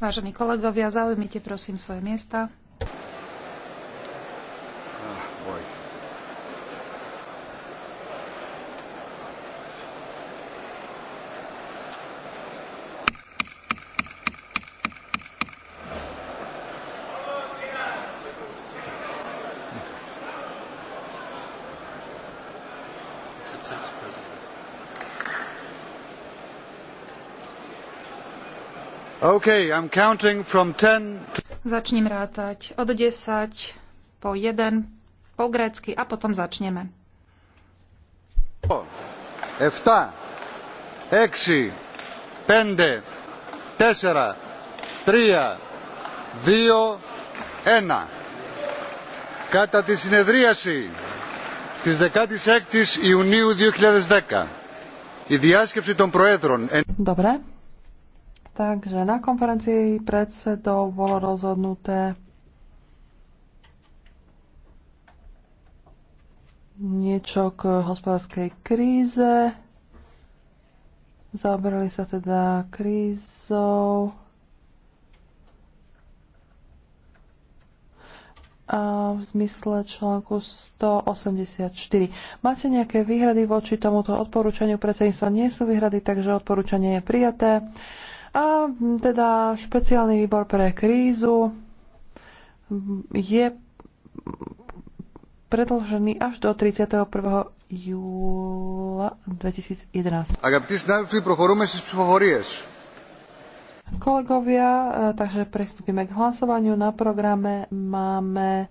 Vážení kolegovia, zaujmite prosím svoje miesta. Okay, I'm counting from 10 Začnem rátať od 10 po 1 po grécky a potom začneme. 7, 6, 5, 4, 3, 2, 1. Κατά τη συνεδρίαση της 16ης Ιουνίου 2010 η διάσκεψη των Προέδρων... Dobre. Takže na konferencii predsedov bolo rozhodnuté niečo k hospodárskej kríze. Zaoberali sa teda krízou. A v zmysle článku 184. Máte nejaké výhrady voči tomuto odporúčaniu? Predsedníctva nie sú výhrady, takže odporúčanie je prijaté. A teda špeciálny výbor pre krízu je predlžený až do 31. júla 2011. Kolegovia, takže pristúpime k hlasovaniu. Na programe máme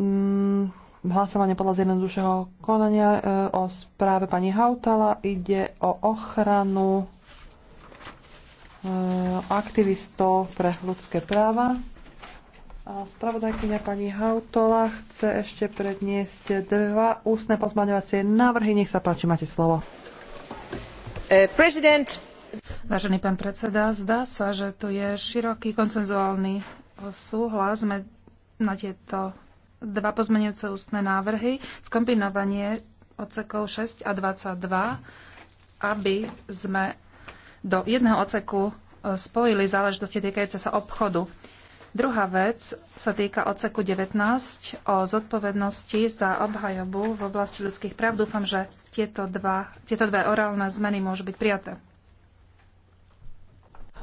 hm, hlasovanie podľa zjednodušeho konania e, o správe pani Hautala. Ide o ochranu Eh, aktivistov pre ľudské práva. A spravodajkyňa pani Hautola chce ešte predniesť dva ústne pozmaňovacie návrhy. Nech sa páči, máte slovo. Eh, Vážený pán predseda, zdá sa, že tu je široký konsenzuálny súhlas na tieto dva pozmenujúce ústne návrhy, skombinovanie odsekov 6 a 22, aby sme do jedného oceku e, spojili záležitosti týkajúce sa obchodu. Druhá vec sa týka oceku 19 o zodpovednosti za obhajobu v oblasti ľudských práv. Dúfam, že tieto, dva, tieto dve orálne zmeny môžu byť prijaté.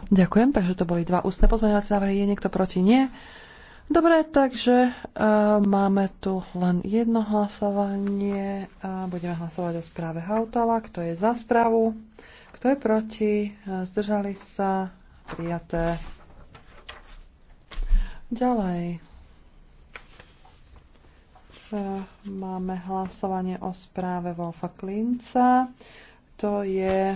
Ďakujem, takže to boli dva ústne pozmeňovacie návrhy. Je niekto proti? Nie. Dobre, takže uh, máme tu len jedno hlasovanie. Uh, budeme hlasovať o správe Hautala. Kto je za správu? Kto je proti? Zdržali sa? Prijaté. Ďalej. E, máme hlasovanie o správe Wolfa Klinca. To je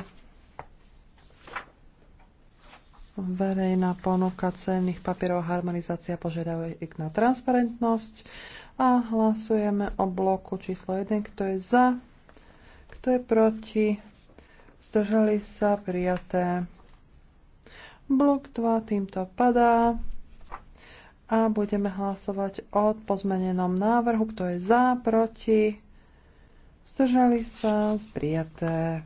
verejná ponuka cenných papierov, harmonizácia požiadavek na transparentnosť a hlasujeme o bloku číslo 1, kto je za, kto je proti, zdržali sa prijaté. Blok 2 týmto padá a budeme hlasovať o pozmenenom návrhu, kto je za, proti, zdržali sa, prijaté.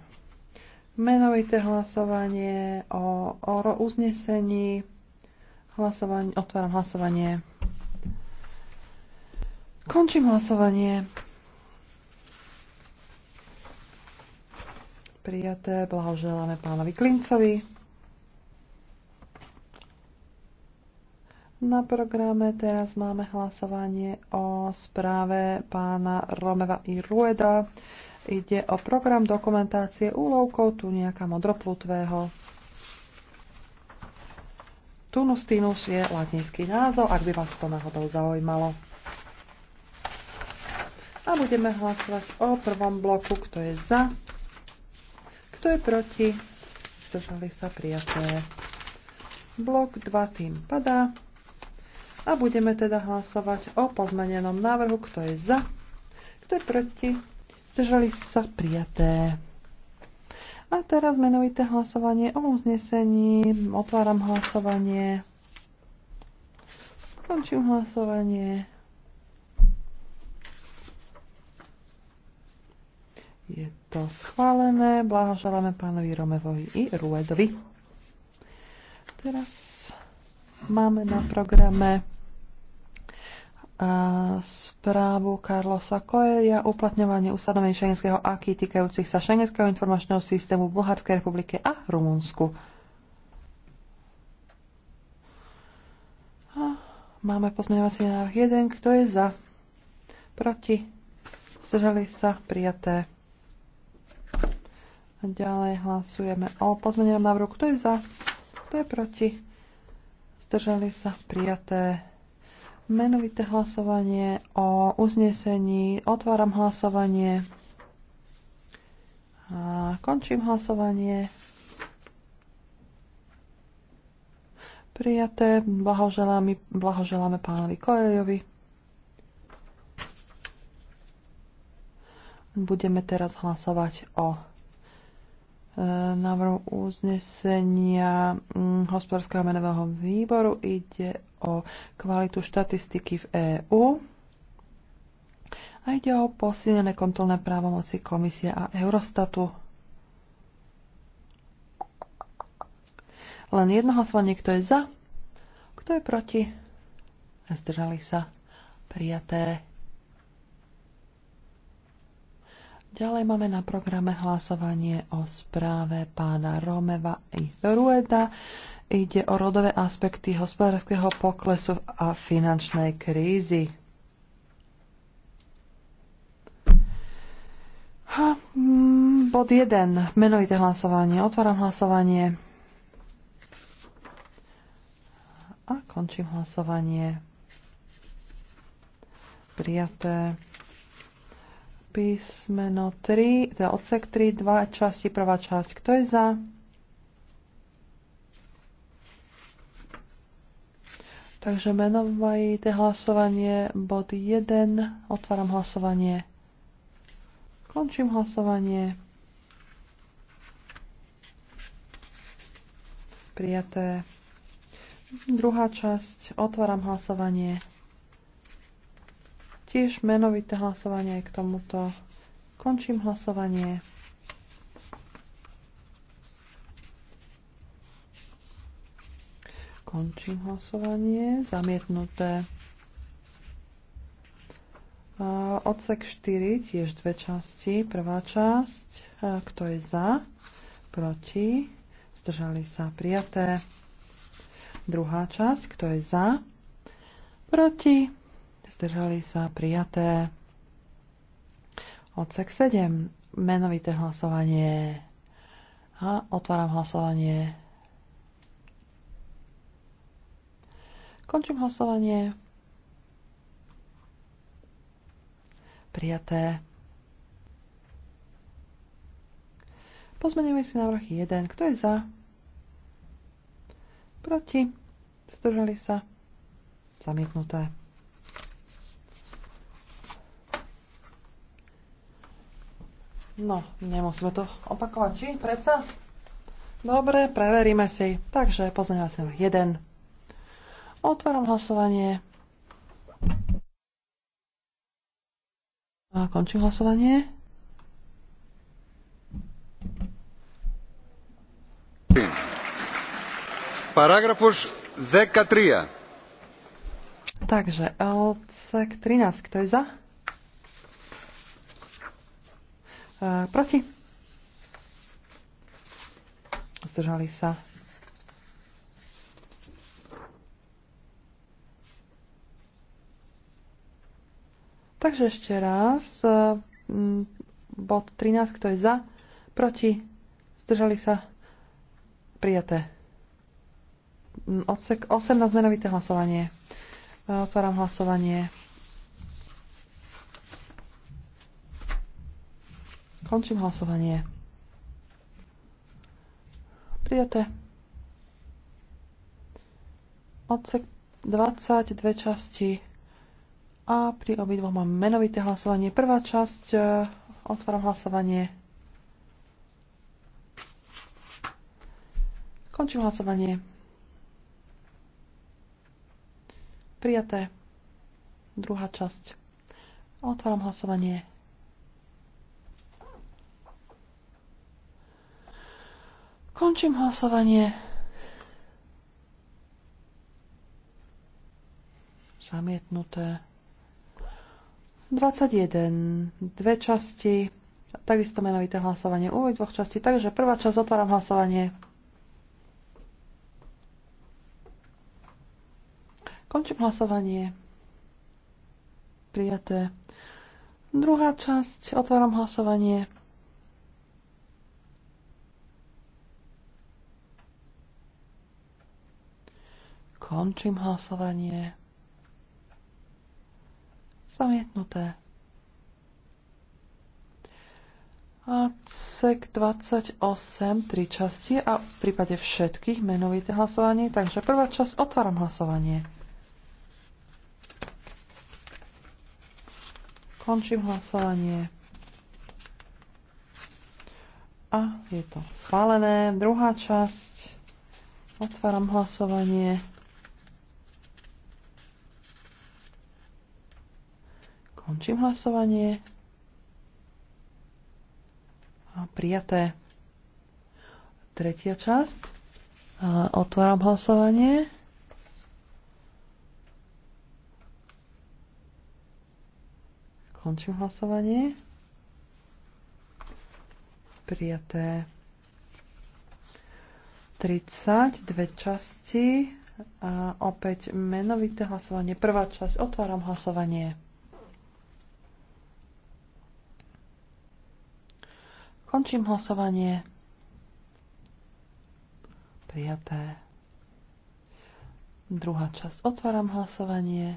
Menovité hlasovanie o, o uznesení. Hlasovanie, otváram hlasovanie. Končím hlasovanie. prijaté. Blahoželáme pánovi Klincovi. Na programe teraz máme hlasovanie o správe pána Romeva i Rueda. Ide o program dokumentácie úlovkov nejaká modroplutvého. Tunus tinus je latinský názov, ak by vás to náhodou zaujímalo. A budeme hlasovať o prvom bloku, kto je za, kto je proti? Zdržali sa prijaté. Blok 2 tým padá. A budeme teda hlasovať o pozmenenom návrhu, kto je za, kto je proti. Zdržali sa prijaté. A teraz menovité hlasovanie o uznesení. Otváram hlasovanie. Končím hlasovanie. Je to schválené. Blahoželáme pánovi Romevovi i Ruedovi. Teraz máme na programe správu Carlosa Coelia uplatňovanie ustanovení šengenského aký týkajúcich sa šengenského informačného systému v Bulharskej republike a Rumunsku. A máme pozmeňovací návrh 1. Kto je za? Proti? Zdržali sa? Prijaté. Ďalej hlasujeme o pozmenenom návrhu. Kto je za? Kto je proti? Zdržali sa prijaté. Menovité hlasovanie o uznesení. Otváram hlasovanie. A končím hlasovanie. Prijaté. Blahoželáme, blahoželáme pánovi Koeljovi. Budeme teraz hlasovať o návrhu uznesenia mm, hospodárskeho menového výboru. Ide o kvalitu štatistiky v EÚ a ide o posilnené kontrolné právomoci komisie a Eurostatu. Len jedno hlasovanie, kto je za, kto je proti. Zdržali sa prijaté Ďalej máme na programe hlasovanie o správe pána Romeva i Rueda. Ide o rodové aspekty hospodárskeho poklesu a finančnej krízy. Ha, mm, bod 1. Menovité hlasovanie. Otváram hlasovanie. A končím hlasovanie. Prijaté písmeno 3, teda odsek 3, dva časti, prvá časť. Kto je za? Takže to hlasovanie, bod 1, otváram hlasovanie, končím hlasovanie. Prijaté. Druhá časť, otváram hlasovanie. Tiež menovité hlasovanie k tomuto. Končím hlasovanie. Končím hlasovanie. Zamietnuté. Odsek 4, tiež dve časti. Prvá časť, kto je za, proti, zdržali sa prijaté. Druhá časť, kto je za, proti, zdržali sa prijaté. Odsek 7, menovité hlasovanie. A otváram hlasovanie. Končím hlasovanie. Prijaté. Pozmeníme si návrh 1. Kto je za? Proti? Zdržali sa? Zamietnuté. No, nemusíme to opakovať, či? Preca? Dobre, preveríme si. Takže pozmeňovací návrh 1. Otváram hlasovanie. A končím hlasovanie. Paragrafus 3 Takže odsek 13. Kto je za? E, proti? Zdržali sa. Takže ešte raz. E, bod 13, kto je za? Proti? Zdržali sa? Prijaté. Odsek 18, zmenovité hlasovanie. E, otváram hlasovanie. Končím hlasovanie. Prijaté. Odsek 22 časti. A pri obidvoch mám menovité hlasovanie. Prvá časť, e, otváram hlasovanie. Končím hlasovanie. Prijaté. Druhá časť. Otváram hlasovanie. Končím hlasovanie. Zamietnuté. 21. Dve časti. Takisto menovité hlasovanie. Úvoj dvoch časti. Takže prvá časť. Otváram hlasovanie. Končím hlasovanie. Prijaté. Druhá časť. Otváram hlasovanie. Končím hlasovanie. Zamietnuté. A sek 28, tri časti a v prípade všetkých menovité hlasovanie. Takže prvá časť, otváram hlasovanie. Končím hlasovanie. A je to schválené. Druhá časť. Otváram hlasovanie. Končím hlasovanie. A prijaté. Tretia časť. A otváram hlasovanie. Končím hlasovanie. Prijaté. 30, dve časti. A opäť menovité hlasovanie. Prvá časť. Otváram hlasovanie. Končím hlasovanie. Prijaté. Druhá časť. Otváram hlasovanie.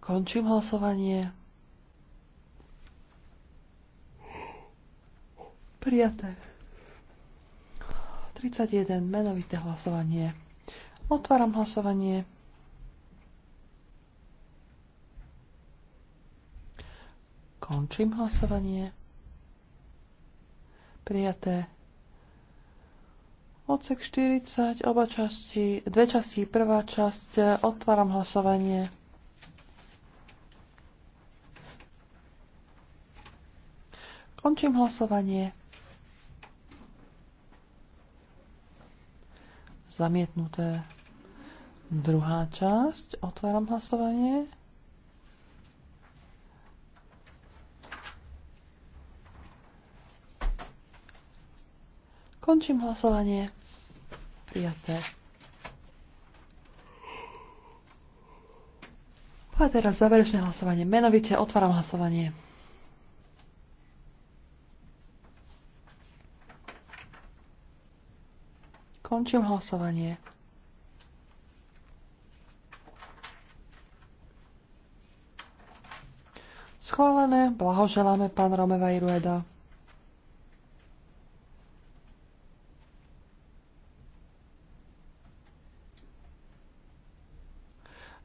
Končím hlasovanie. Prijaté. 31. Menovité hlasovanie. Otváram hlasovanie. Končím hlasovanie. Prijaté. Odsek 40, oba časti, dve časti, prvá časť, e, otváram hlasovanie. Končím hlasovanie. Zamietnuté. Druhá časť, otváram hlasovanie. Končím hlasovanie. Prijaté. A teraz záverečné hlasovanie. Menovite otváram hlasovanie. Končím hlasovanie. Schválené. Blahoželáme pán Romeva Irueda.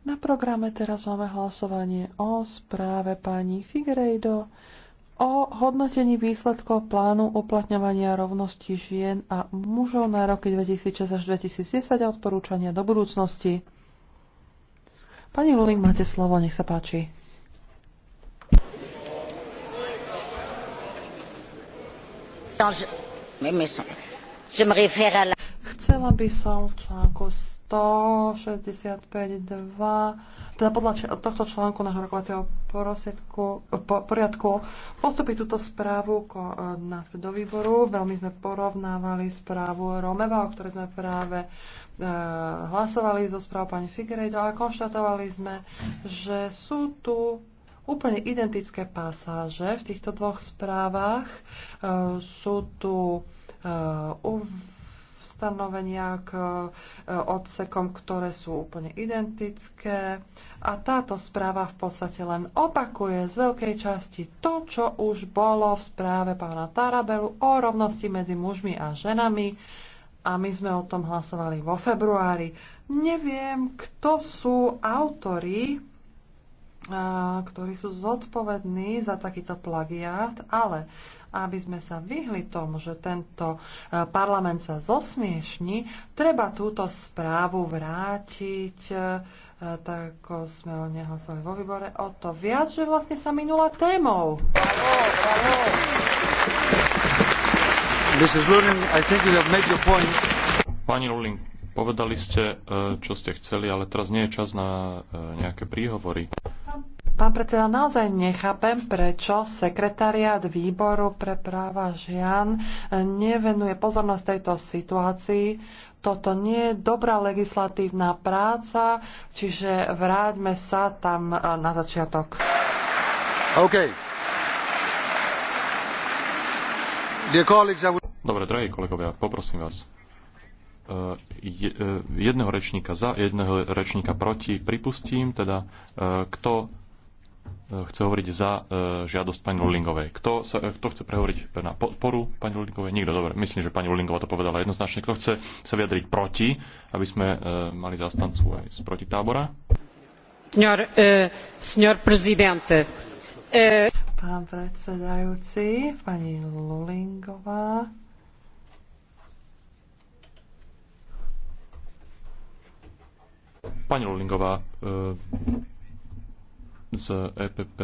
Na programe teraz máme hlasovanie o správe pani Figueiredo o hodnotení výsledkov plánu uplatňovania rovnosti žien a mužov na roky 2006 až 2010 a odporúčania do budúcnosti. Pani Luling, máte slovo, nech sa páči. je me Chcela by som v článku 165.2, teda podľa tohto článku na rokovacieho poriadku, postupiť túto správu na, do výboru. Veľmi sme porovnávali správu Romeva, o ktorej sme práve e, hlasovali zo správ pani Figueredo a konštatovali sme, že sú tu úplne identické pasáže v týchto dvoch správach. E, sú tu e, ustanovenia k e, odsekom, ktoré sú úplne identické. A táto správa v podstate len opakuje z veľkej časti to, čo už bolo v správe pána Tarabelu o rovnosti medzi mužmi a ženami. A my sme o tom hlasovali vo februári. Neviem, kto sú autory e, ktorí sú zodpovední za takýto plagiát, ale aby sme sa vyhli tomu, že tento e, parlament sa zosmiešní, treba túto správu vrátiť e, tak ako sme o nej vo výbore, o to viac, že vlastne sa minula témou. Pani Luling, Povedali ste, e, čo ste chceli, ale teraz nie je čas na e, nejaké príhovory. Pán predseda, naozaj nechápem, prečo sekretariat výboru pre práva žian e, nevenuje pozornosť tejto situácii. Toto nie je dobrá legislatívna práca, čiže vráťme sa tam na začiatok. OK. Dobre, drahí kolegovia, poprosím vás. E, e, jedného rečníka za, jedného rečníka proti pripustím, teda e, kto chce hovoriť za žiadosť pani Rulingovej. Kto, sa, kto chce prehovoriť na podporu pani Rulingovej? Nikto, dobre. Myslím, že pani Rulingová to povedala jednoznačne. Kto chce sa vyjadriť proti, aby sme mali zastancu aj z tábora. Senior, eh, senior prezidente. Eh... Pán predsedajúci, pani Lulingová, Pani Lulingová, e, z EPP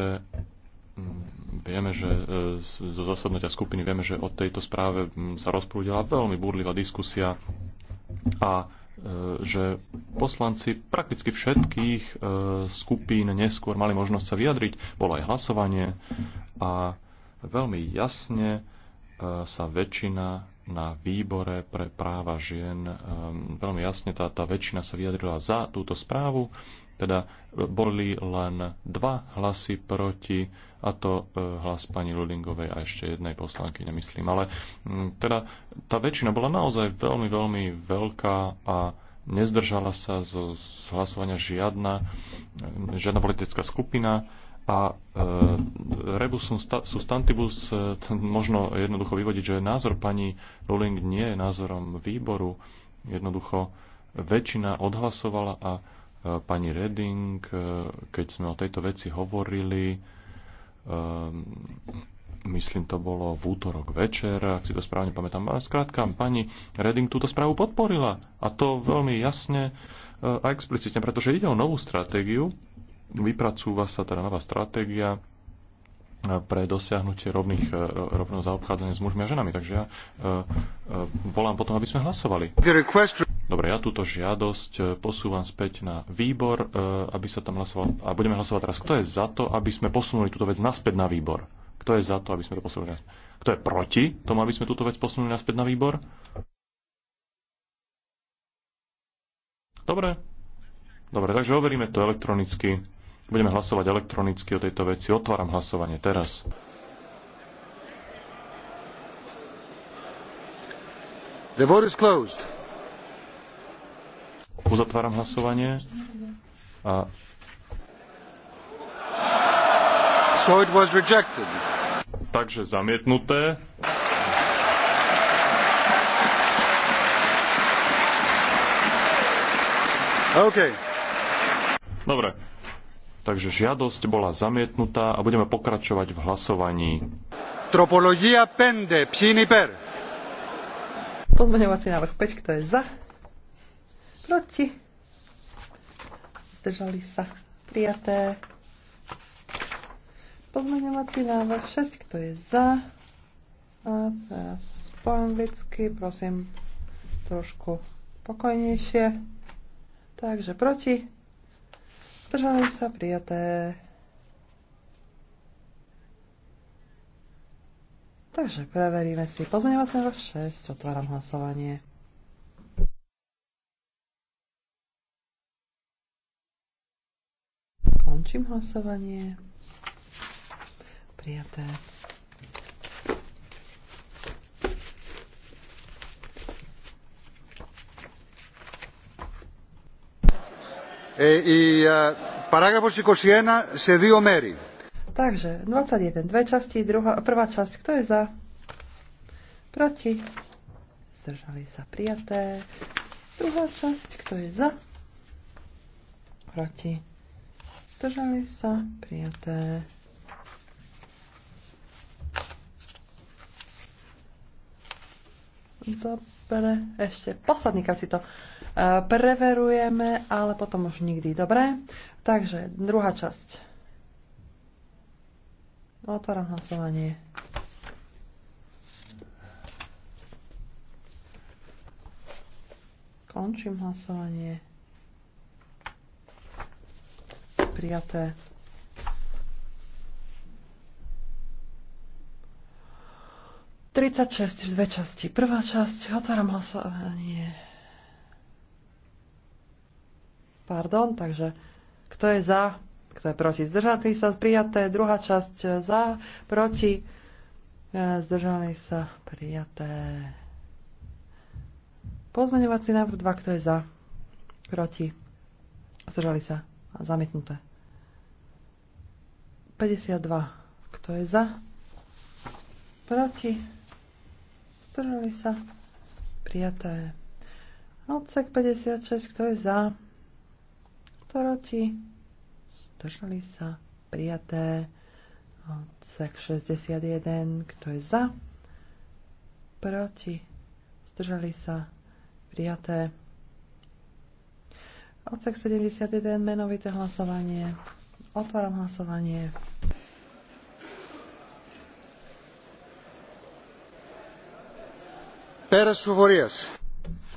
vieme, že e, zo zasadnutia skupiny vieme, že o tejto správe sa rozprúdila veľmi búrlivá diskusia a e, že poslanci prakticky všetkých skupín neskôr mali možnosť sa vyjadriť. Bolo aj hlasovanie a veľmi jasne sa väčšina na výbore pre práva žien ehm, veľmi jasne tá, tá väčšina sa vyjadrila za túto správu, teda e, boli len dva hlasy proti, a to e, hlas pani Lulingovej a ešte jednej poslanky, nemyslím. Ale teda tá väčšina bola naozaj veľmi, veľmi veľká a nezdržala sa zo hlasovania žiadna, e, žiadna politická skupina a e, rebus sustantibus e, možno jednoducho vyvodiť, že názor pani Rowling, nie je názorom výboru. Jednoducho väčšina odhlasovala a e, pani Reding, e, keď sme o tejto veci hovorili, e, myslím to bolo v útorok večer, ak si to správne pamätám. A skrátka, pani Reding túto správu podporila. A to veľmi jasne e, a explicitne, pretože ide o novú stratégiu, vypracúva sa teda nová stratégia e, pre dosiahnutie rovných, e, rovného zaobchádzania s mužmi a ženami. Takže ja e, volám potom, aby sme hlasovali. Dobre, ja túto žiadosť posúvam späť na výbor, aby sa tam hlasoval. A budeme hlasovať teraz. Kto je za to, aby sme posunuli túto vec naspäť na výbor? Kto je za to, aby sme to posunuli? Kto je proti tomu, aby sme túto vec posunuli naspäť na výbor? Dobre. Dobre, takže overíme to elektronicky. Budeme hlasovať elektronicky o tejto veci. Otváram hlasovanie teraz. The vote is closed. Uzatváram hlasovanie. A... So it was rejected. Takže zamietnuté. Okay. Dobre. Takže žiadosť bola zamietnutá a budeme pokračovať v hlasovaní. pende, 5. per. Pozmeňovací návrh 5. Kto je za? Proti? Zdržali sa. Prijaté. Pozmeňovací návrh 6. Kto je za? A teraz po anglicky, prosím, trošku pokojnejšie. Takže proti? Zdržali sa prijaté. Takže preveríme si pozmeňovací na 6. Otváram hlasovanie. Končím hlasovanie. Prijaté. E, I e, se dio meri. Takže 21, dve časti, druhá, prvá časť, kto je za? Proti? Zdržali sa prijaté. Druhá časť, kto je za? Proti? Zdržali sa prijaté. Dobre, ešte posledný si to preverujeme, ale potom už nikdy. Dobre? Takže druhá časť. Otváram hlasovanie. Končím hlasovanie. Prijaté. Tridsať v dve časti. Prvá časť. Otváram hlasovanie. Pardon, takže kto je za, kto je proti, zdržaný sa, prijaté. Druhá časť e, za, proti, e, zdržaný sa, prijaté. Pozmeňovací návrh 2, kto je za, proti, zdržali sa, zamietnuté. 52, kto je za, proti, zdržali sa, prijaté. Odsek 56, kto je za, proti, zdržali sa, prijaté. Odsek 61, kto je za, proti, zdržali sa, prijaté. Odsek 71, menovité hlasovanie. Otváram hlasovanie.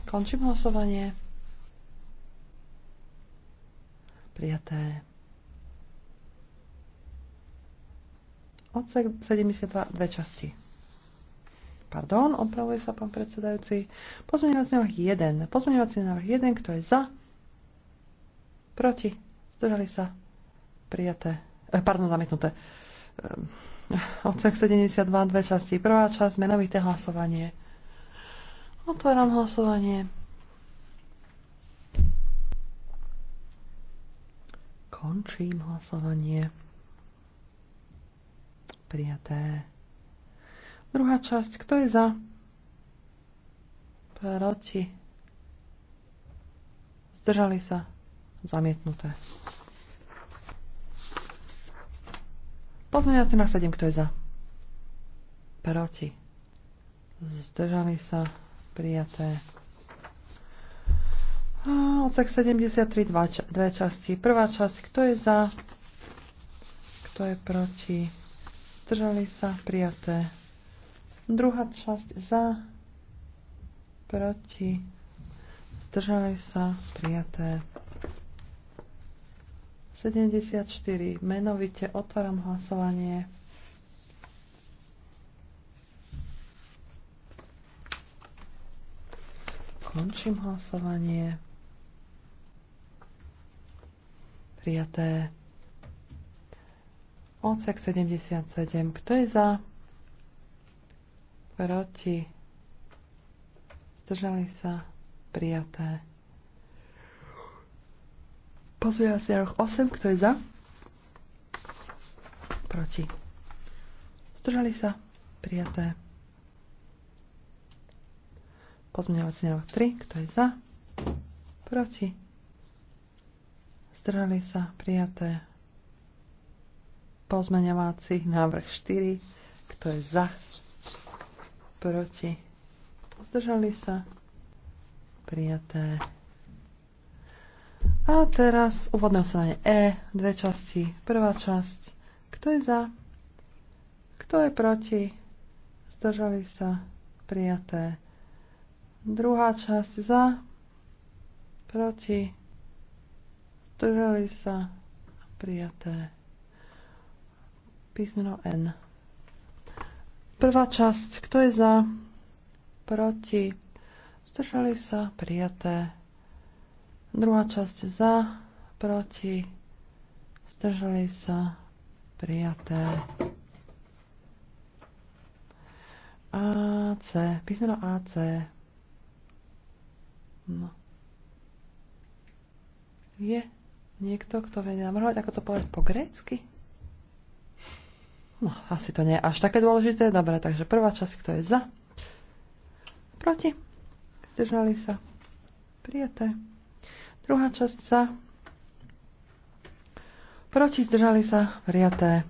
Končím hlasovanie. Prijaté. Odsek 72 dve časti. Pardon, opravuje sa pán predsedajúci. Pozmeňovací návrh 1. Pozmeňovací návrh 1, kto je za? Proti? Zdržali sa? Prijaté. Eh, pardon, zamietnuté. Ehm, odsek 72, dve časti. Prvá časť, menovité hlasovanie. Otváram hlasovanie. Končím hlasovanie. Prijaté. Druhá časť. Kto je za? Proti. Zdržali sa. Zamietnuté. sa na 7. Kto je za? Proti. Zdržali sa. Prijaté. Odsek 73, dva, dve časti. Prvá časť, kto je za, kto je proti. Držali sa, prijaté. Druhá časť za, proti. Zdržali sa, prijaté. 74. Menovite otváram hlasovanie. Končím hlasovanie. prijaté. Odsek 77. Kto je za? Proti. Zdržali sa. Prijaté. Pozvievací roh 8. Kto je za? Proti. Zdržali sa. Prijaté. Pozmeňovací návrh 3. Kto je za? Proti. Zdrhali sa prijaté pozmeňovací návrh 4. Kto je za? Proti? Zdržali sa? Prijaté. A teraz úvodné ustanovenie E, dve časti. Prvá časť. Kto je za? Kto je proti? Zdržali sa? Prijaté. Druhá časť za? Proti? Zdržali sa prijaté. Písmeno N. Prvá časť. Kto je za? Proti. Zdržali sa prijaté. Druhá časť za, proti. Zdržali sa prijaté. C, Písmeno C. No. Je Niekto, kto vie navrhovať, ako to povedať po grécky? No, asi to nie je až také dôležité. Dobre, takže prvá časť, kto je za? Proti? Zdržali sa? Prijaté. Druhá časť za? Proti? Zdržali sa? Prijaté.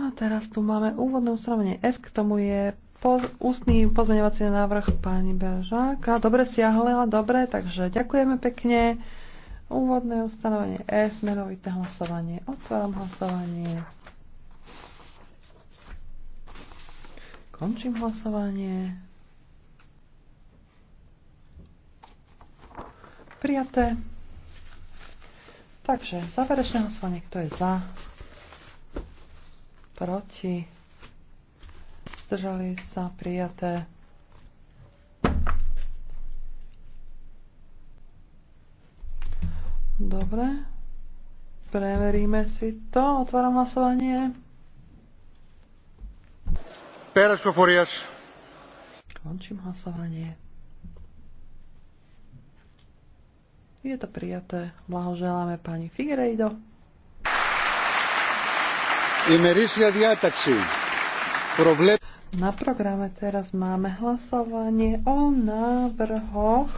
A teraz tu máme úvodné ustanovenie S, k tomu je po, ústný pozmeňovací návrh pani Bežáka. Dobre siahla, dobre, takže ďakujeme pekne. Úvodné ustanovenie E, smerovité hlasovanie. Otváram hlasovanie. Končím hlasovanie. Prijaté. Takže záverečné hlasovanie, kto je za, proti, zdržali sa prijaté. Dobre, preveríme si to. Otváram hlasovanie. Pérez Foforias. Končím hlasovanie. Je to prijaté. Blahoželáme pani Figueiredo. Y merece Ημερήσια diátaxi. Problema. Na programe teraz máme hlasovanie o návrhoch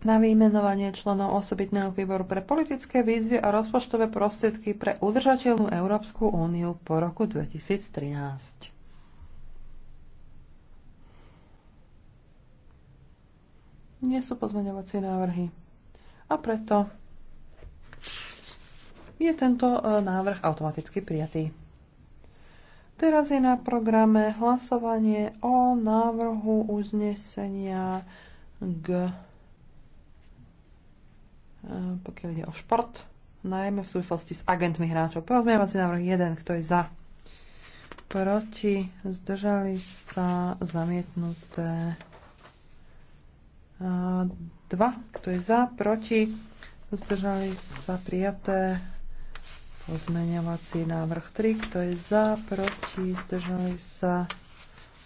na vymenovanie členov osobitného výboru pre politické výzvy a rozpočtové prostriedky pre udržateľnú Európsku úniu po roku 2013. Nie sú pozmeňovacie návrhy. A preto je tento e, návrh automaticky prijatý. Teraz je na programe hlasovanie o návrhu uznesenia k e, pokiaľ ide o šport, najmä v súvislosti s agentmi hráčov. Pozmievací návrh 1, kto je za? Proti, zdržali sa, zamietnuté 2, e, kto je za, proti, zdržali sa, prijaté Pozmeňovací návrh 3, kto je za, proti, zdržali sa,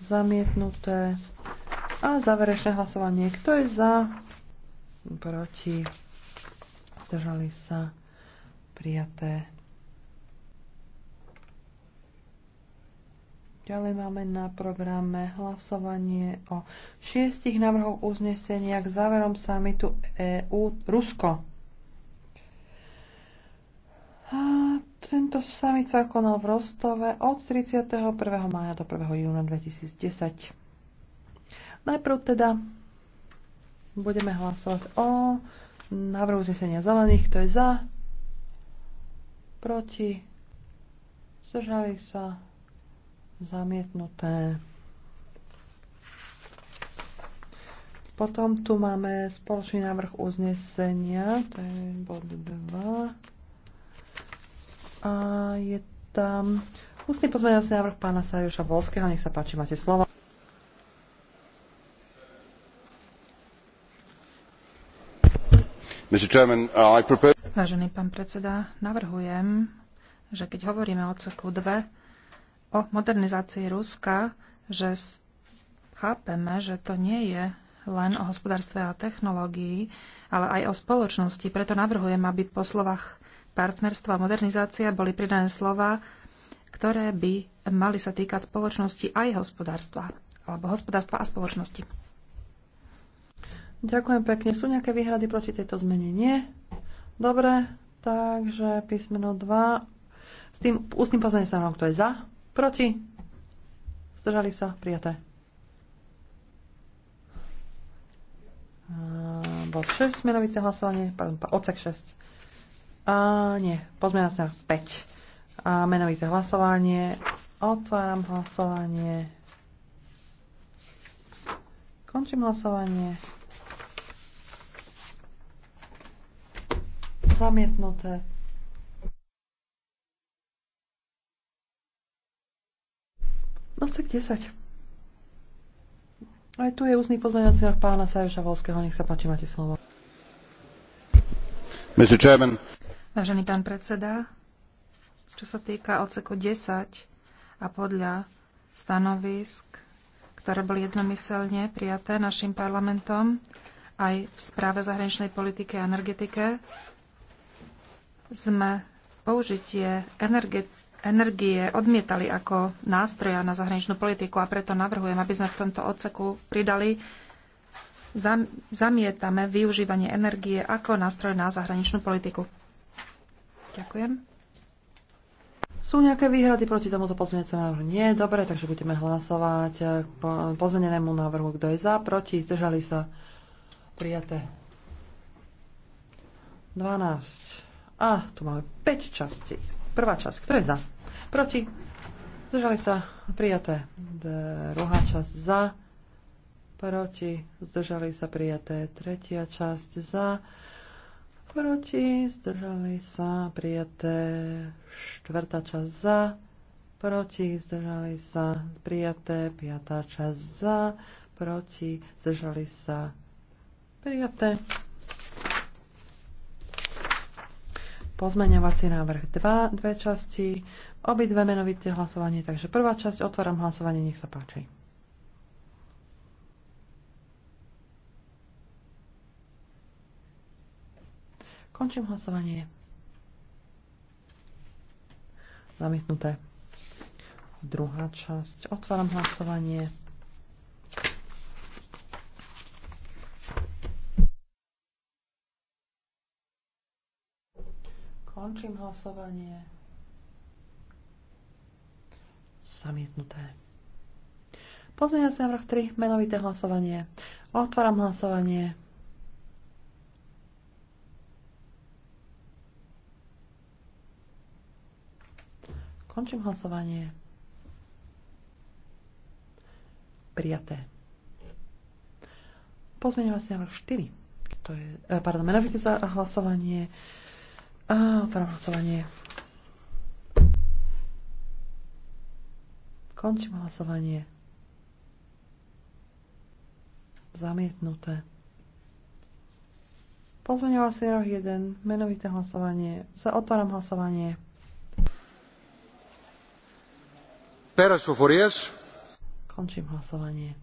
zamietnuté. A záverečné hlasovanie, kto je za, proti, zdržali sa, prijaté. Ďalej máme na programe hlasovanie o šiestich návrhoch uznesenia k záverom samitu EU Rusko. A tento summit sa konal v Rostove od 31. mája do 1. júna 2010. Najprv teda budeme hlasovať o návrhu znesenia zelených. Kto je za? Proti? Zdržali sa? Zamietnuté. Potom tu máme spoločný návrh uznesenia, to je bod 2. A je tam ústny pozmeňovací návrh pána Sajoša Volského. Nech sa páči, máte slovo. Uh, Vážený pán predseda, navrhujem, že keď hovoríme o odseku 2 o modernizácii Ruska, že chápeme, že to nie je len o hospodárstve a technológii, ale aj o spoločnosti. Preto navrhujem, aby po slovách partnerstvo a modernizácia boli pridané slova, ktoré by mali sa týkať spoločnosti aj hospodárstva, alebo hospodárstva a spoločnosti. Ďakujem pekne. Sú nejaké výhrady proti tejto zmene? Nie. Dobre, takže písmeno 2. S tým ústnym pozmením sa kto je za? Proti? Zdržali sa? Prijaté. Bod 6, menovité hlasovanie, pardon, odsek 6. A nie, pozmeňovací návrh 5. A menovité hlasovanie. Otváram hlasovanie. Končím hlasovanie. Zamietnuté. Odsek 10. Aj tu je ústny pozmeňovací návrh pána Sajoša Volského. Nech sa páči, máte slovo. Mr. Chairman. Vážený pán predseda, čo sa týka odseku 10 a podľa stanovisk, ktoré boli jednomyselne prijaté našim parlamentom aj v správe zahraničnej politiky a energetike, sme použitie energie, energie odmietali ako nástroja na zahraničnú politiku a preto navrhujem, aby sme v tomto odseku pridali zamietame využívanie energie ako nástroj na zahraničnú politiku. Ďakujem. Sú nejaké výhrady proti tomuto pozmeňujúcemu návrhu? Nie, dobre, takže budeme hlasovať k eh, pozmenenému návrhu. Kto je za, proti, zdržali sa? Prijaté. 12. A tu máme 5 častí. Prvá časť, kto je za? Proti? Zdržali sa? Prijaté. Druhá časť za, proti, zdržali sa prijaté. Tretia časť za, proti, zdržali sa, prijaté. Štvrtá časť za, proti, zdržali sa, prijaté. Piatá časť za, proti, zdržali sa, prijaté. Pozmeňovací návrh 2, dve časti, obidve menovité hlasovanie, takže prvá časť, otváram hlasovanie, nech sa páči. Končím hlasovanie. Zamietnuté. Druhá časť. Otváram hlasovanie. Končím hlasovanie. Zamietnuté. sa návrh 3. Menovité hlasovanie. Otváram hlasovanie. Končím hlasovanie. Prijaté. Pozmeňovací návrh 4. To je, eh, pardon, menovite za hlasovanie. A otváram hlasovanie. Končím hlasovanie. Zamietnuté. Pozmeňovací návrh 1, menovité hlasovanie. Za otváram hlasovanie. Končím hlasovanie.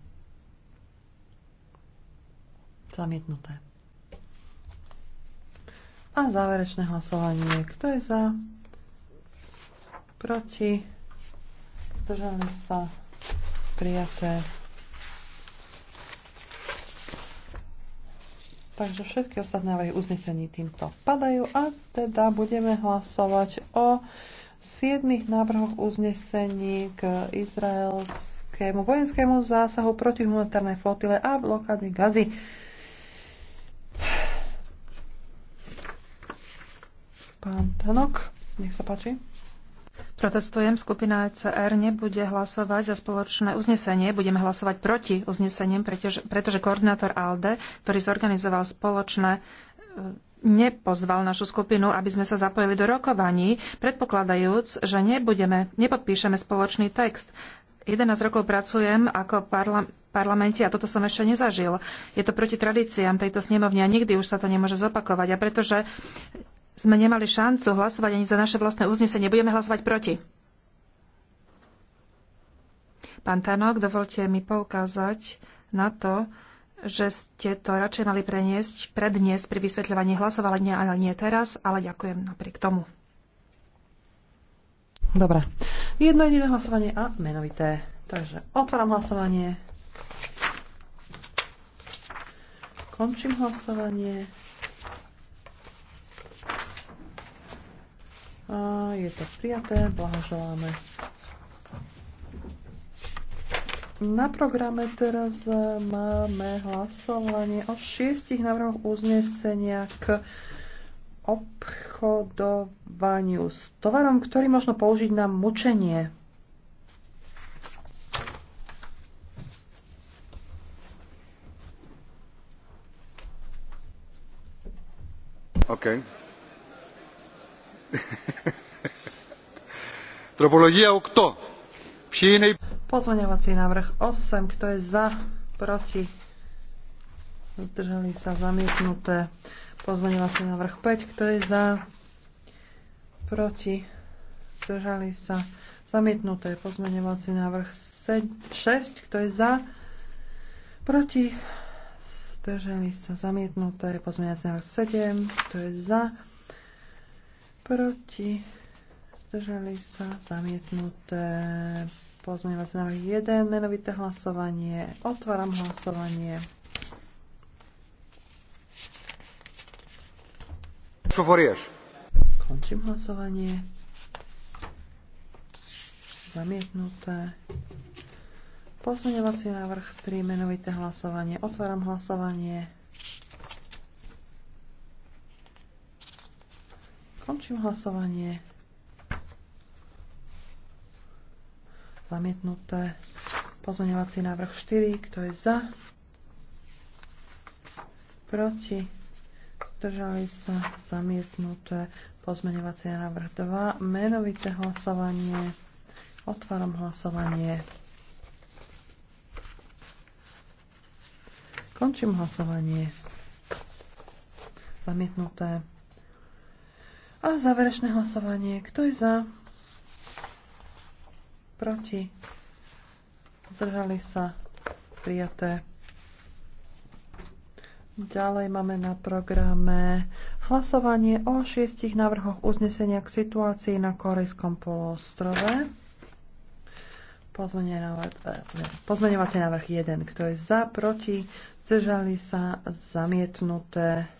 Zamietnuté. A záverečné hlasovanie. Kto je za? Proti? Zdržali sa? Prijaté. Takže všetky ostatné návrhy uznesení týmto padajú a teda budeme hlasovať o siedmých návrhoch uznesení k izraelskému vojenskému zásahu proti humanitárnej flotile a blokády gazy. Pán Tanok, nech sa páči. Protestujem, skupina ECR nebude hlasovať za spoločné uznesenie, budeme hlasovať proti uzneseniem, pretože, pretože koordinátor ALDE, ktorý zorganizoval spoločné nepozval našu skupinu, aby sme sa zapojili do rokovaní, predpokladajúc, že nebudeme, nepodpíšeme spoločný text. 11 rokov pracujem ako parla- parlamente a toto som ešte nezažil. Je to proti tradíciám tejto snemovne a nikdy už sa to nemôže zopakovať. A pretože sme nemali šancu hlasovať ani za naše vlastné uznesenie, budeme hlasovať proti. Pán Tanok, dovolte mi poukázať na to, že ste to radšej mali preniesť prednes pri vysvetľovaní hlasovania, ale nie teraz, ale ďakujem napriek tomu. Dobre. Jedno jediné hlasovanie a menovité. Takže otváram hlasovanie. Končím hlasovanie. A je to prijaté. Blahoželáme na programe teraz e, máme hlasovanie o šiestich návrhoch uznesenia k obchodovaniu s tovarom, ktorý možno použiť na mučenie. OK. Tropologia 8. Ποιοι είναι οι... Pozmeňovací návrh 8. Kto je za? Proti? Zdržali sa zamietnuté. Pozmeňovací návrh 5. Kto je za? Proti? Zdržali sa zamietnuté. Pozmeňovací návrh 6. Kto je za? Proti? Zdržali sa zamietnuté. Pozmeňovací návrh 7. Kto je za? Proti? Zdržali sa zamietnuté vás na 1, menovité hlasovanie. Otváram hlasovanie. Končím hlasovanie. Zamietnuté. Pozmeňovací návrh 3, menovité hlasovanie. Otváram hlasovanie. Končím hlasovanie. zamietnuté. Pozmeňovací návrh 4, kto je za? Proti? Zdržali sa? Zamietnuté. Pozmeňovací návrh 2, menovité hlasovanie. Otváram hlasovanie. Končím hlasovanie. Zamietnuté. A záverečné hlasovanie. Kto je za? proti, zdržali sa, prijaté. Ďalej máme na programe hlasovanie o šiestich návrhoch uznesenia k situácii na Korejskom polostrove. Pozmeňovací návrh 1. Kto je za, proti, zdržali sa, zamietnuté.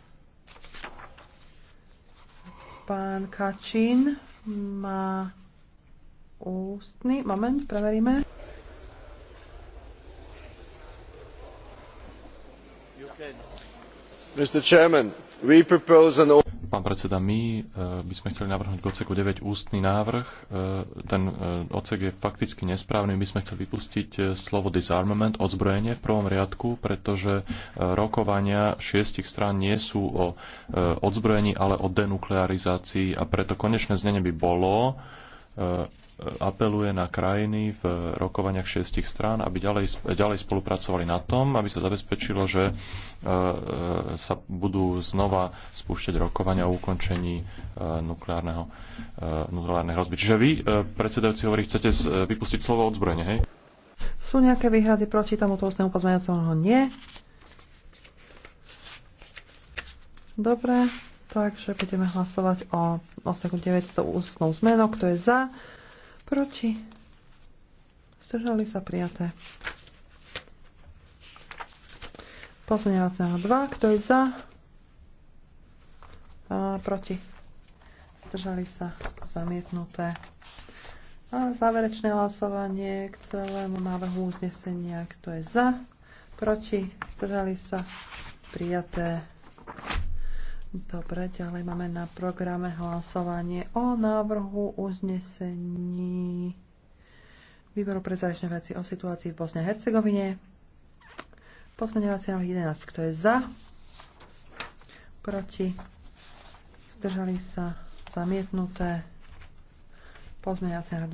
Pán Kačín má ústny. Moment, preveríme. Pán predseda, my eh, by sme chceli navrhnúť k odseku 9 ústny návrh. Eh, ten eh, odsek je fakticky nesprávny. My sme chceli vypustiť slovo disarmament, odzbrojenie v prvom riadku, pretože rokovania šiestich strán nie sú o odzbrojení, ale o denuklearizácii a preto konečné znenie by bolo apeluje na krajiny v rokovaniach šiestich strán, aby ďalej, ďalej spolupracovali na tom, aby sa zabezpečilo, že e, e, sa budú znova spúšťať rokovania o ukončení e, nukleárneho, nukleárnej hrozby. Čiže vy, predsedajúci hovorí, chcete vypustiť slovo odzbrojenie, hej? Sú nejaké výhrady proti tomuto ústnemu pozmeňovacemu? Nie. Dobre, takže budeme hlasovať o 8900 ústnou zmenou. Kto je za? Proti. Zdržali sa prijaté. Pozmeňovací návrh 2. Kto je za? A proti. Zdržali sa zamietnuté. A záverečné hlasovanie k celému návrhu uznesenia. Kto je za? Proti. Zdržali sa prijaté. Dobre, ďalej máme na programe hlasovanie o návrhu uznesení Výboru pre zahraničné veci o situácii v Bosne a Hercegovine. Pozmeňovací návrh 11. Kto je za? Proti? Zdržali sa? Zamietnuté? Pozmeňovací návrh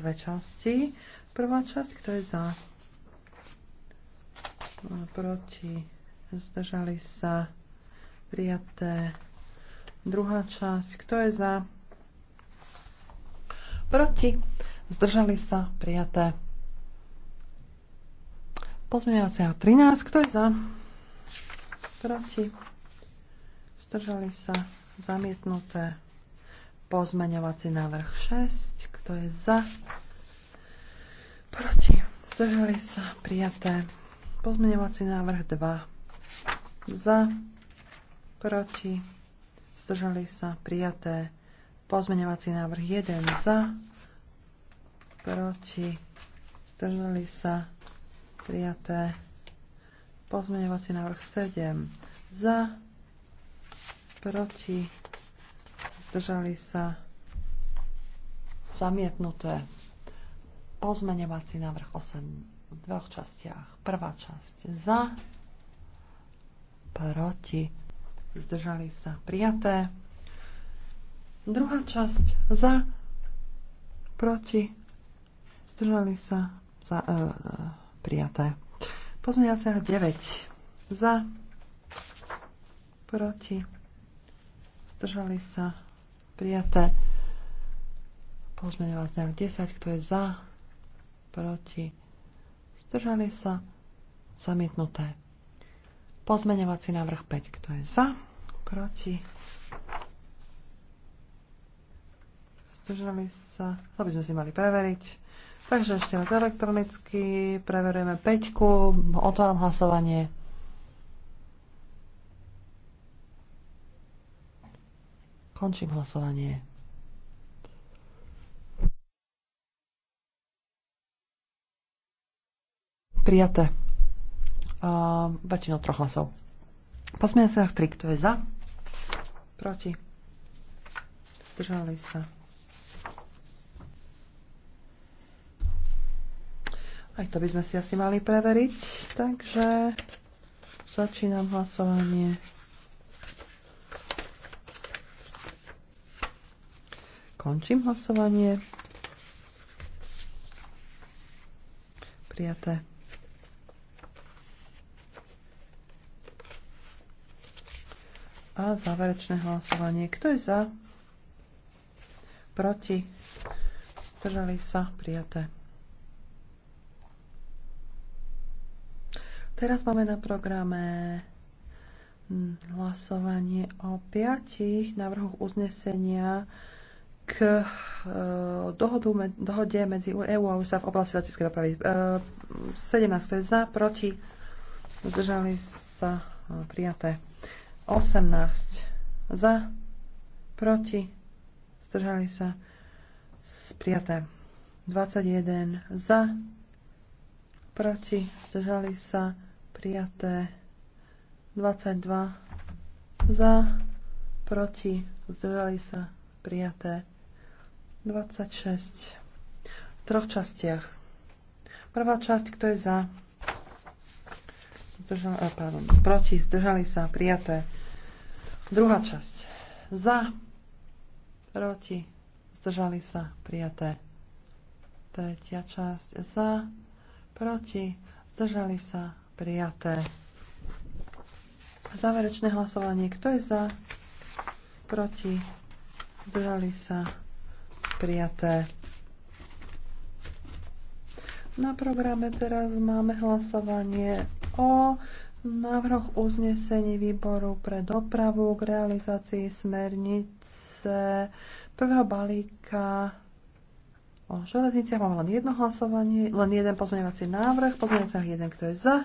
12. Dve časti. Prvá časť. Kto je za? Proti? Zdržali sa? Prijaté. Druhá časť. Kto je za? Proti. Zdržali sa. Prijaté. sa 13. Kto je za? Proti. Zdržali sa. Zamietnuté. Pozmeňovací návrh 6. Kto je za? Proti. Zdržali sa. Prijaté. Pozmeňovací návrh 2. Za proti, zdržali sa prijaté. Pozmeňovací návrh 1 za, proti, zdržali sa prijaté. Pozmeňovací návrh 7 za, proti, zdržali sa zamietnuté. Pozmeňovací návrh 8 v dvoch častiach. Prvá časť za, proti, zdržali sa prijaté. Druhá časť za, proti, zdržali sa za, e, prijaté. sa 9 za, proti, zdržali sa prijaté. sa 10, kto je za, proti, zdržali sa zamietnuté. Pozmeňovací návrh 5. Kto je za? Proti? Zdržali sa? To by sme si mali preveriť. Takže ešte raz elektronicky preverujeme 5. Otváram hlasovanie. Končím hlasovanie. Prijaté uh, väčšinou troch hlasov. Pozmeňujem sa tri, kto je za? Proti? Zdržali sa. Aj to by sme si asi mali preveriť, takže začínam hlasovanie. Končím hlasovanie. Prijaté. a záverečné hlasovanie. Kto je za? Proti? Zdržali sa? Prijaté. Teraz máme na programe hlasovanie o piatich návrhoch uznesenia k e, dohodu, dohode medzi EU a USA v oblasti leteckej dopravy. 17 e, to je za, proti, zdržali sa e, prijaté. 18 za, proti, zdržali sa, prijaté. 21 za, proti, zdržali sa, prijaté. 22 za, proti, zdržali sa, prijaté. 26 v troch častiach. Prvá časť, kto je za, zdržali, eh, pardon, proti, zdržali sa, prijaté Druhá časť. Za, proti, zdržali sa, prijaté. Tretia časť. Za, proti, zdržali sa, prijaté. Záverečné hlasovanie. Kto je za, proti, zdržali sa, prijaté. Na programe teraz máme hlasovanie o Návrh uznesení výboru pre dopravu k realizácii smernice prvého balíka o železniciach mám len jedno hlasovanie, len jeden pozmeňovací návrh, pozmeňovací návrh jeden, kto je za,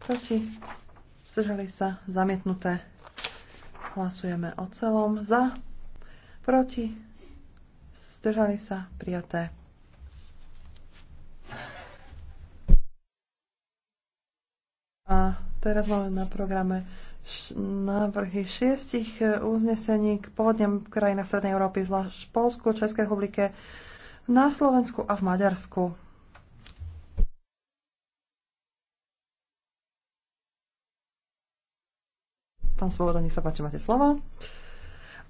proti, zdržali sa, zamietnuté. Hlasujeme o celom za, proti, zdržali sa, prijaté. Teraz máme na programe návrhy šiestich e, uznesení k pohodnem krajina Srednej Európy, zvlášť v Polsku, Českej republike, na Slovensku a v Maďarsku. Pán Svoboda, nech sa páči, máte slovo.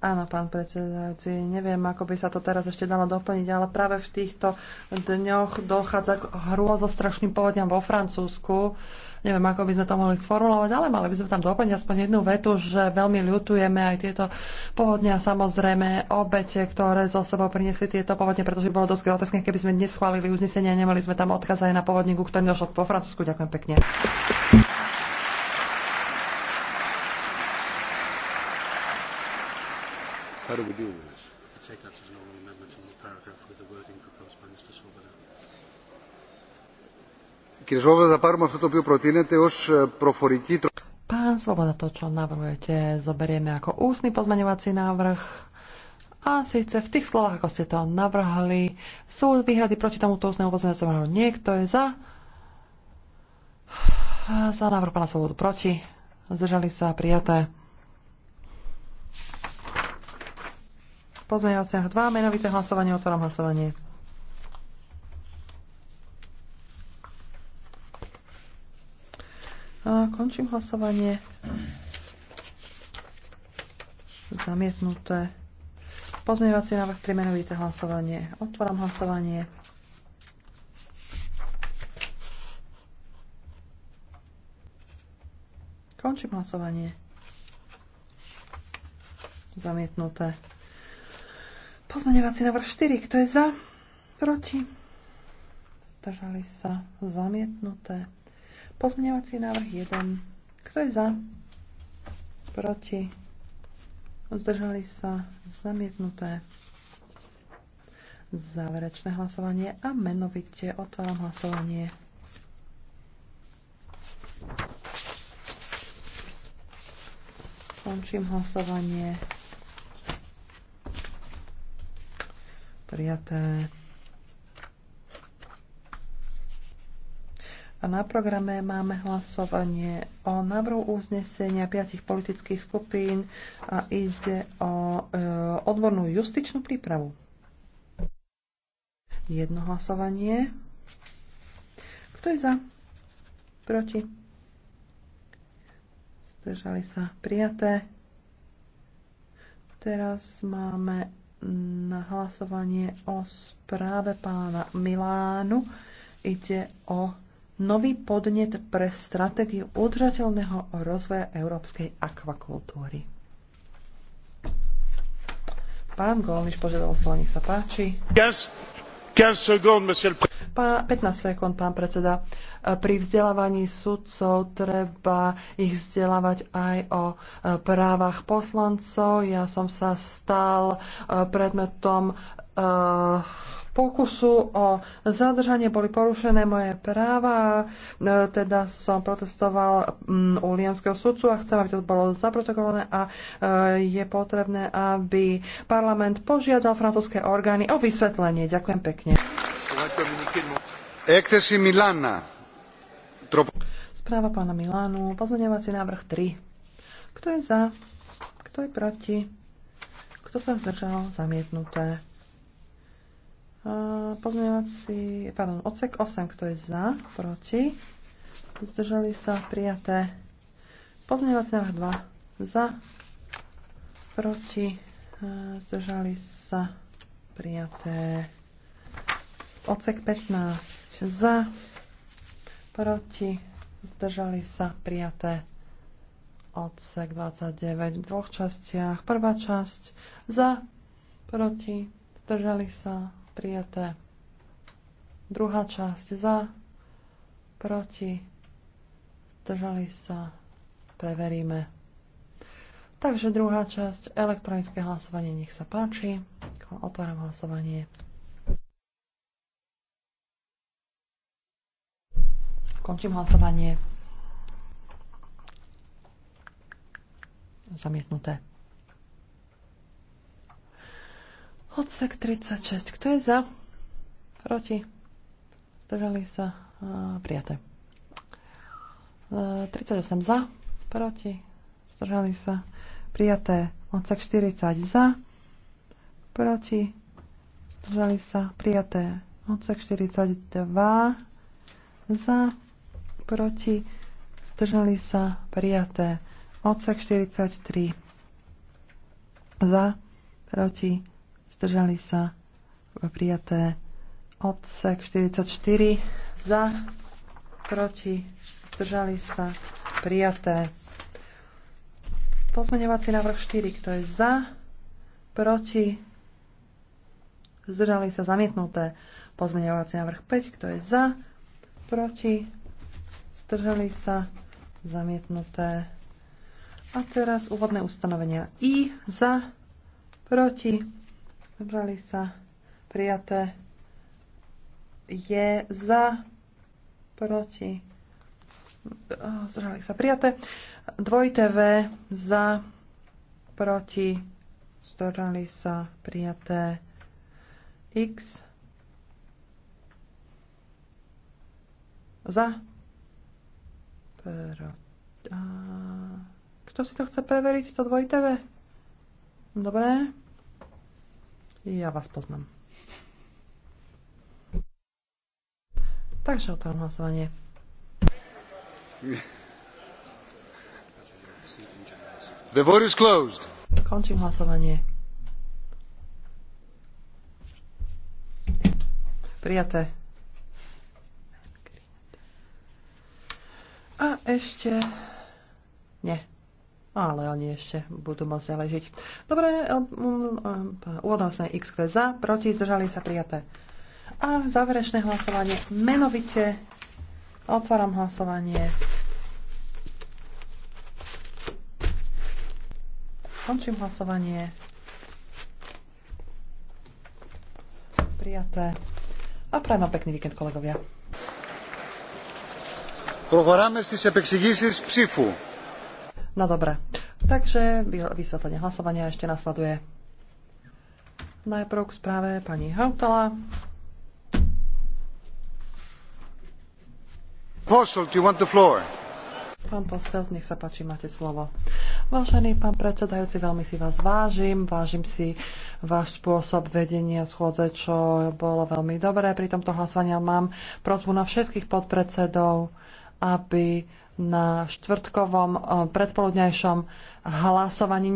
Áno, pán predsedajúci, neviem, ako by sa to teraz ešte dalo doplniť, ale práve v týchto dňoch dochádza k hrôzostrašným povodňam vo Francúzsku. Neviem, ako by sme to mohli sformulovať, ale mali by sme tam doplniť aspoň jednu vetu, že veľmi ľutujeme aj tieto povodne a samozrejme obete, ktoré zo sebou priniesli tieto povodne, pretože bolo dosť groteskné, keby sme neschválili uznesenie a nemali sme tam odkaz aj na povodníku, ktorý došlo po Francúzsku. Ďakujem pekne. How do we deal with this? I take that as an oral amendment in the paragraph with the wording proposed by Mr. Swoboda. Κύριε Σόβοτα, θα πάρουμε αυτό το οποίο προτείνεται ως προφορική τροπή. Pán Svoboda, to, čo navrhujete, zoberieme ako ústny pozmeňovací návrh. A síce v tých slovách, ako ste to navrhli, sú výhrady proti tomuto ústnemu pozmeňovaciemu návrhu. Niekto je za? Za návrh pána Svobodu proti. Zdržali sa prijaté. Pozmeňovaciach 2, menovité hlasovanie, otváram hlasovanie. A končím hlasovanie. Zamietnuté. Pozmeňovací návrh 3, menovité hlasovanie. Otváram hlasovanie. Končím hlasovanie. Zamietnuté. Pozmeňovací návrh 4. Kto je za? Proti? Zdržali sa. Zamietnuté. Pozmeňovací návrh 1. Kto je za? Proti? Zdržali sa. Zamietnuté. Záverečné hlasovanie a menovite otváram hlasovanie. Končím hlasovanie. prijaté. A na programe máme hlasovanie o návrhu uznesenia piatich politických skupín a ide o e, odbornú justičnú prípravu. Jedno hlasovanie. Kto je za? Proti? Zdržali sa prijaté. Teraz máme na hlasovanie o správe pána Milánu. Ide o nový podnet pre stratégiu udržateľného rozvoja európskej akvakultúry. Pán Golniš požiadal slovo, nech sa páči. 15 sekúnd, pán predseda. Pri vzdelávaní sudcov treba ich vzdelávať aj o e, právach poslancov. Ja som sa stal e, predmetom e, pokusu o zadržanie boli porušené moje práva, teda som protestoval u Liamského sudcu a chcem, aby to bolo zaprotokované a je potrebné, aby parlament požiadal francúzské orgány o vysvetlenie. Ďakujem pekne. Správa pána Milánu, pozmeňovací návrh 3. Kto je za? Kto je proti? Kto sa zdržal? Zamietnuté. Pozmeňovací, pardon, odsek 8. Kto je za? Proti? Zdržali sa? Prijaté. Pozmeňovací návrh 2. Za? Proti? Zdržali sa? Prijaté. Odsek 15. Za? proti, zdržali sa prijaté odsek 29 v dvoch častiach. Prvá časť za, proti, zdržali sa prijaté. Druhá časť za, proti, zdržali sa, preveríme. Takže druhá časť, elektronické hlasovanie, nech sa páči. Otváram hlasovanie. Končím hlasovanie. Zamietnuté. Odsek 36. Kto je za? Proti? Zdržali sa? Prijaté. 38 za, proti, zdržali sa, prijaté. Odsek 40 za, proti, zdržali sa, prijaté. Odsek 42 za, proti, zdržali sa, prijaté. Odsek 43 za, proti, zdržali sa, prijaté. Odsek 44 za, proti, zdržali sa, prijaté. Pozmeňovací návrh 4, kto je za, proti, zdržali sa, zamietnuté. Pozmeňovací návrh 5, kto je za, proti, zdržali sa, zamietnuté. A teraz úvodné ustanovenia. I za, proti, zdržali sa, prijaté. Je za, proti, zdržali sa, prijaté. Dvojité V za, proti, zdržali sa, prijaté. X za, Pero... A... Kto si to chce preveriť, to dvojité V? Dobre. Ja vás poznám. Takže o tom hlasovanie. The vote is closed. Končím hlasovanie. Prijaté. ešte... Nie. Ale oni ešte budú môcť ďalej žiť. Dobre, mm, mm, sa X za, proti, zdržali sa prijaté. A záverečné hlasovanie menovite. Otváram hlasovanie. Končím hlasovanie. Prijaté. A prajem vám pekný víkend, kolegovia. Προχωράμε στις επεξηγήσεις ψήφου. No dobre. Takže vysvetlenie hlasovania ešte nasleduje. Najprv k správe pani Hautala. Posselt, you want the floor? Pán posel, nech sa páči, máte slovo. Vážený pán predsedajúci, veľmi si vás vážim. Vážim si váš spôsob vedenia schôdze, čo bolo veľmi dobré. Pri tomto hlasovaní mám prozbu na všetkých podpredsedov, aby na štvrtkovom eh, predpoludňajšom hlasovaní